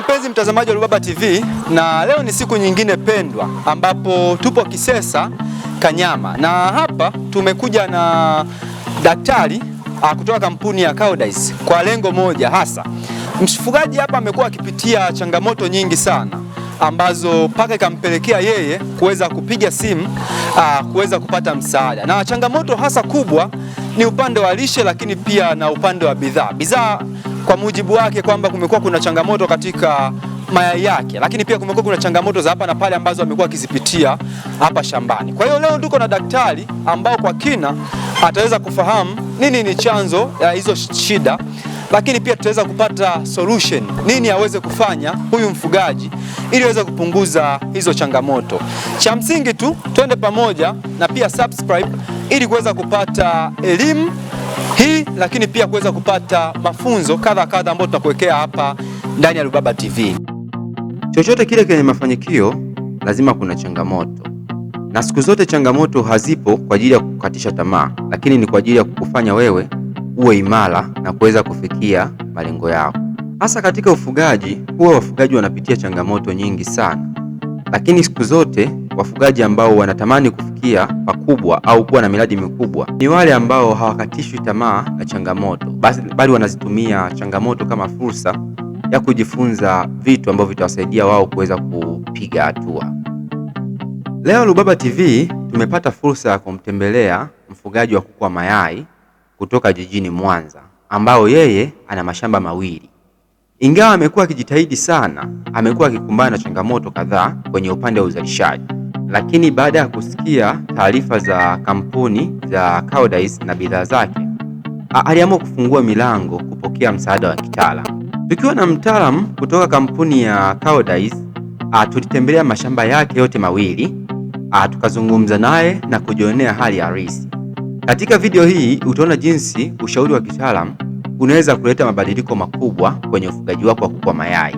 Mpenzi mtazamaji wa Rubaba TV, na leo ni siku nyingine pendwa ambapo tupo Kisesa Kanyama, na hapa tumekuja na daktari ah, kutoka kampuni ya Caudais kwa lengo moja hasa. Mfugaji hapa amekuwa akipitia changamoto nyingi sana ambazo mpaka ikampelekea yeye kuweza kupiga simu ah, kuweza kupata msaada, na changamoto hasa kubwa ni upande wa lishe, lakini pia na upande wa bidhaa bidhaa kwa mujibu wake kwamba kumekuwa kuna changamoto katika mayai yake, lakini pia kumekuwa kuna changamoto za hapa na pale ambazo amekuwa akizipitia hapa shambani. Kwa hiyo leo tuko na daktari ambao kwa kina ataweza kufahamu nini ni chanzo ya hizo shida, lakini pia tutaweza kupata solution, nini aweze kufanya huyu mfugaji ili aweze kupunguza hizo changamoto. Cha msingi tu twende pamoja na pia subscribe ili kuweza kupata elimu hii, lakini pia kuweza kupata mafunzo kadha kadha ambayo tunakuwekea hapa ndani ya Rubaba TV. Chochote kile kenye mafanikio lazima kuna changamoto, na siku zote changamoto hazipo kwa ajili ya kukatisha tamaa, lakini ni kwa ajili ya kukufanya wewe uwe imara na kuweza kufikia malengo yao. Hasa katika ufugaji, huwa wafugaji wanapitia changamoto nyingi sana, lakini siku zote Wafugaji ambao wanatamani kufikia pakubwa au kuwa na miradi mikubwa ni wale ambao hawakatishwi tamaa na changamoto, bali wanazitumia changamoto kama fursa ya kujifunza vitu ambavyo vitawasaidia wao kuweza kupiga hatua. Leo Rubaba TV tumepata fursa ya kumtembelea mfugaji wa kuku wa mayai kutoka jijini Mwanza, ambao yeye ana mashamba mawili. Ingawa amekuwa akijitahidi sana, amekuwa akikumbana na changamoto kadhaa kwenye upande wa uzalishaji. Lakini baada ya kusikia taarifa za kampuni za Koudijs na bidhaa zake, aliamua kufungua milango kupokea msaada wa kitaalamu. Tukiwa na mtaalamu kutoka kampuni ya Koudijs, tulitembelea mashamba yake yote mawili, tukazungumza naye na kujionea hali halisi. Katika video hii utaona jinsi ushauri wa kitaalamu unaweza kuleta mabadiliko makubwa kwenye ufugaji wako wa kuku wa mayai.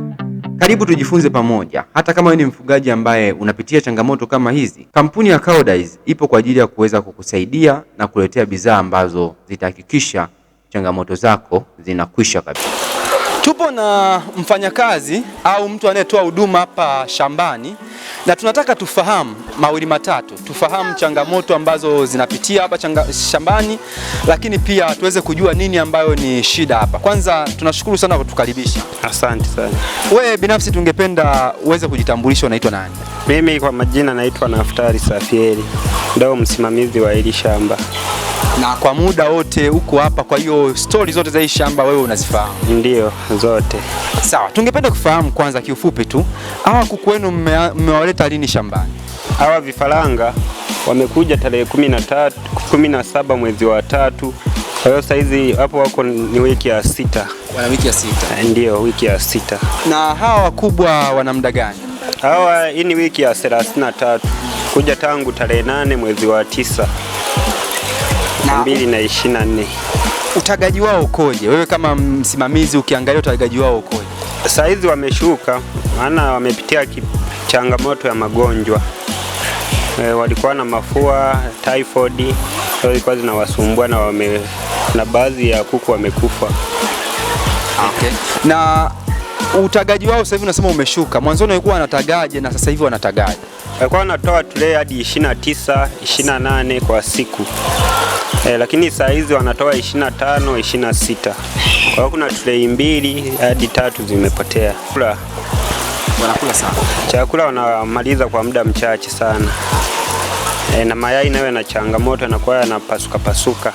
Karibu tujifunze pamoja. Hata kama wewe ni mfugaji ambaye unapitia changamoto kama hizi, kampuni ya Koudijs ipo kwa ajili ya kuweza kukusaidia na kuletea bidhaa ambazo zitahakikisha changamoto zako zinakwisha kabisa. Tupo na mfanyakazi au mtu anayetoa huduma hapa shambani na tunataka tufahamu mawili matatu, tufahamu changamoto ambazo zinapitia hapa shambani, lakini pia tuweze kujua nini ambayo ni shida hapa. Kwanza tunashukuru sana kwa kutukaribisha. Asante sana. Wewe binafsi tungependa uweze kujitambulisha, unaitwa nani? Mimi kwa majina naitwa Naftari Safieri, ndio msimamizi wa hili shamba na kwa muda wote huko hapa. Kwa hiyo stori zote za hii shamba wewe unazifahamu? Ndio, zote. Sawa, tungependa kufahamu kwanza kiufupi tu, hawa kuku wenu mmewaleta lini shambani? Hawa vifaranga wamekuja tarehe kumi na tatu, kumi na saba mwezi wa tatu. Kwa hiyo sasa hizi hapo wako ni wiki ya sita, wana wiki ya sita. Eh, ndio, wiki ya sita. Na hawa wakubwa wana muda gani? Hawa hii ni wiki ya 33 kuja tangu tarehe nane mwezi wa tisa 2024. Utagaji wao ukoje? Wewe kama msimamizi ukiangalia utagaji wao ukoje? Sasa hizi wameshuka, maana wamepitia changamoto ya magonjwa e, walikuwa na mafua typhoid, ilikuwa zinawasumbua na wame, na baadhi ya kuku wamekufa. Okay. Na utagaji wao sasa hivi unasema umeshuka, mwanzoni walikuwa wanatagaje na sasa hivi wanatagaje? Walikuwa wanatoa tule hadi 29 28 kwa siku e, lakini saa hizi wanatoa 25 26. Kwa hiyo kuna trei mbili hadi tatu zimepotea. Kula wanakula sana chakula, wanamaliza kwa muda mchache sana e, na mayai nayo yana changamoto, yanakuwa yanapasuka pasuka.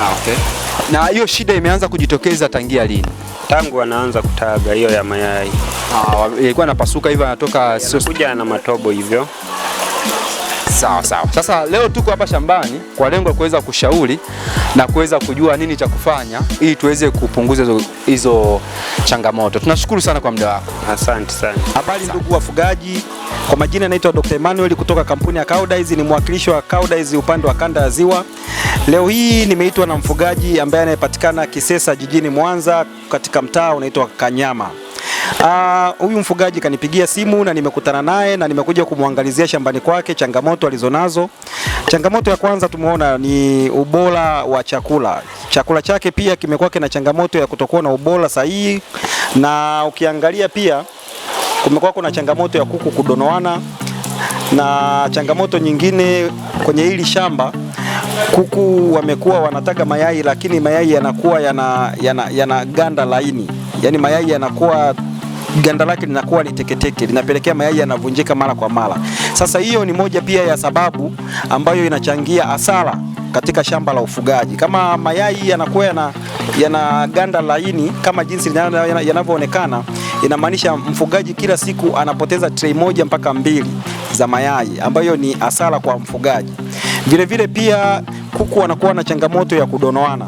Ah, okay. Na hiyo shida imeanza kujitokeza tangia lini? Tangu wanaanza kutaga hiyo ya mayai. Ah, ilikuwa inapasuka hivyo, anatoka sio kuja na matobo hivyo Sawa sawa. Sasa leo tuko hapa shambani kwa lengo la kuweza kushauri na kuweza kujua nini cha kufanya ili tuweze kupunguza hizo changamoto. Tunashukuru sana kwa muda wako. Asante sana. Habari ndugu wafugaji, kwa majina naitwa Dr. Emmanuel kutoka kampuni ya Koudijs, ni mwakilishi wa Koudijs upande wa kanda ya Ziwa. Leo hii nimeitwa na mfugaji ambaye anayepatikana Kisesa jijini Mwanza katika mtaa unaitwa Kanyama. Ah, huyu uh, mfugaji kanipigia simu na nimekutana naye na nimekuja kumwangalizia shambani kwake changamoto alizonazo. Changamoto ya kwanza tumeona ni ubora wa chakula. Chakula chake pia kimekuwa kina changamoto ya kutokuwa na ubora sahihi, na ukiangalia pia kumekuwa kuna changamoto ya kuku kudonoana na changamoto nyingine kwenye hili shamba kuku wamekuwa wanataga mayai lakini mayai yanakuwa yana, yana, yana ganda laini, yaani mayai yanakuwa ganda lake linakuwa liteketeke, linapelekea mayai yanavunjika mara kwa mara. Sasa hiyo ni moja pia ya sababu ambayo inachangia hasara katika shamba la ufugaji. Kama mayai yanakuwa yana, yana ganda laini kama jinsi yanavyoonekana, inamaanisha mfugaji kila siku anapoteza trei moja mpaka mbili za mayai ambayo ni hasara kwa mfugaji. Vilevile pia kuku wanakuwa na changamoto ya kudonoana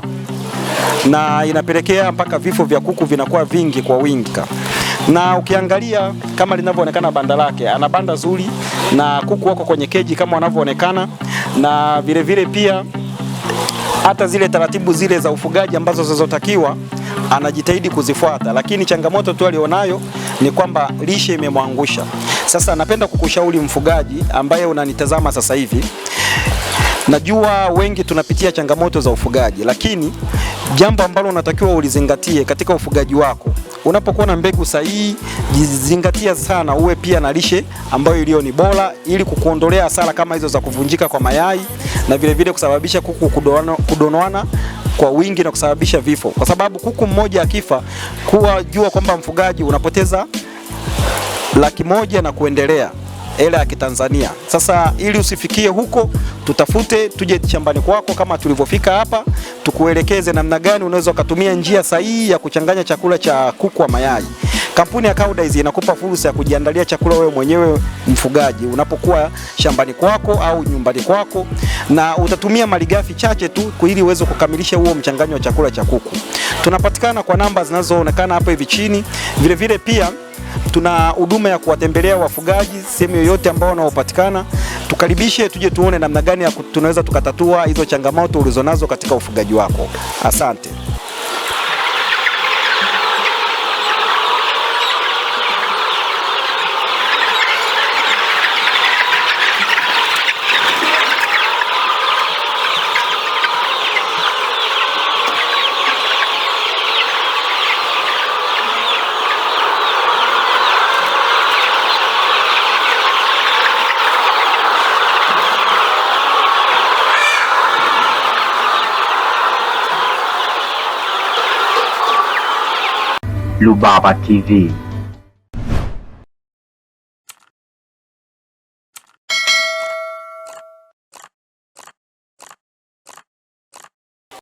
na inapelekea mpaka vifo vya kuku vinakuwa vingi kwa wingi na ukiangalia kama linavyoonekana banda lake, ana banda zuri na kuku wako kwenye keji kama wanavyoonekana, na vilevile pia hata zile taratibu zile za ufugaji ambazo zinazotakiwa anajitahidi kuzifuata, lakini changamoto tu alionayo ni kwamba lishe imemwangusha. Sasa napenda kukushauri mfugaji ambaye unanitazama sasa hivi, najua wengi tunapitia changamoto za ufugaji, lakini Jambo ambalo unatakiwa ulizingatie katika ufugaji wako, unapokuwa na mbegu sahihi, jizingatia sana, uwe pia na lishe ambayo iliyo ni bora, ili kukuondolea hasara kama hizo za kuvunjika kwa mayai na vilevile vile kusababisha kuku kudonoana kwa wingi na kusababisha vifo, kwa sababu kuku mmoja akifa, kuwa jua kwamba mfugaji unapoteza laki moja na kuendelea hela ya Kitanzania. Sasa ili usifikie huko, tutafute tuje shambani kwako kama tulivyofika hapa, tukuelekeze namna gani unaweza ukatumia njia sahihi ya kuchanganya chakula cha kuku wa mayai. Kampuni ya Koudijs inakupa fursa ya kujiandalia chakula wewe mwenyewe mfugaji, unapokuwa shambani kwako au nyumbani kwako, na utatumia malighafi chache tu ili uweze kukamilisha huo mchanganyo wa chakula cha kuku. Tunapatikana kwa namba zinazoonekana hapo hivi chini, vilevile pia Tuna huduma ya kuwatembelea wafugaji sehemu yoyote ambao wanaopatikana, tukaribishe tuje tuone namna gani tunaweza tukatatua hizo changamoto ulizonazo katika ufugaji wako. Asante. Lubaba TV